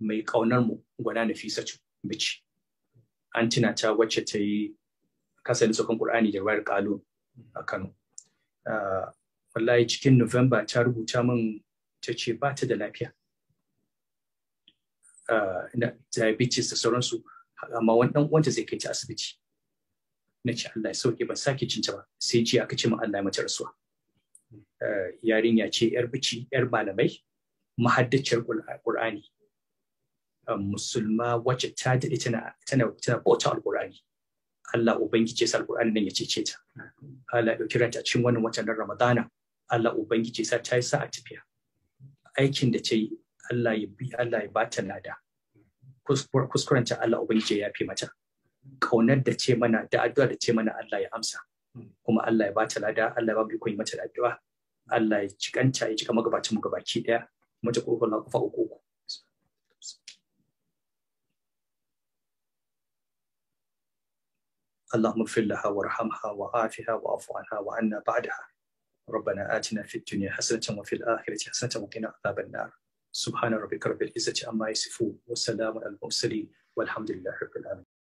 mai ƙaunar mu gwana nafisa bici an tuna ta wacce ta yi kasarin saukan Qur'ani da wayar Kalu a Kano. Ah, wallahi cikin Nuwamba ta rubuta min ta ce ba ta da lafiya. Ah, diabetes da sauransu, amma wani ɗan zai kai ta asibiti. Na ce Allah ya sauke ban sake cinta ba, sai ji aka ce min Allah ya mata rasuwa. Ah, yarinya ce ‘yar bici, ‘yar malamai, mahaddacar ƙur'ani Um, musulma wacce ta daɗe tana tana tana bauta alƙur'ani Allah ubangiji sa alƙur'ani nan ya cece ta Allah ya ɗauki ranta cikin wannan watan Ramadana Allah ubangiji sa ta yi sa'a tafiya aikin da ta yi Allah ya bi Allah ya bata lada Kuskuranta Allah ubangiji ya fi mata kaunar da ce mana da addu'a da ce mana Allah ya amsa kuma Allah ya bata lada Allah ya ba koyi mata da addu'a Allah ya cikanta ya cika magabacin mu gabaki daya mata kokon na kufa uku اللهم اغفر لها وارحمها وعافها واعف عنها وعنا بعدها ربنا آتنا في الدنيا حسنة وفي الآخرة حسنة وقنا عذاب النار سبحان ربك رب العزة عما يصفون وسلام على المرسلين والحمد لله رب العالمين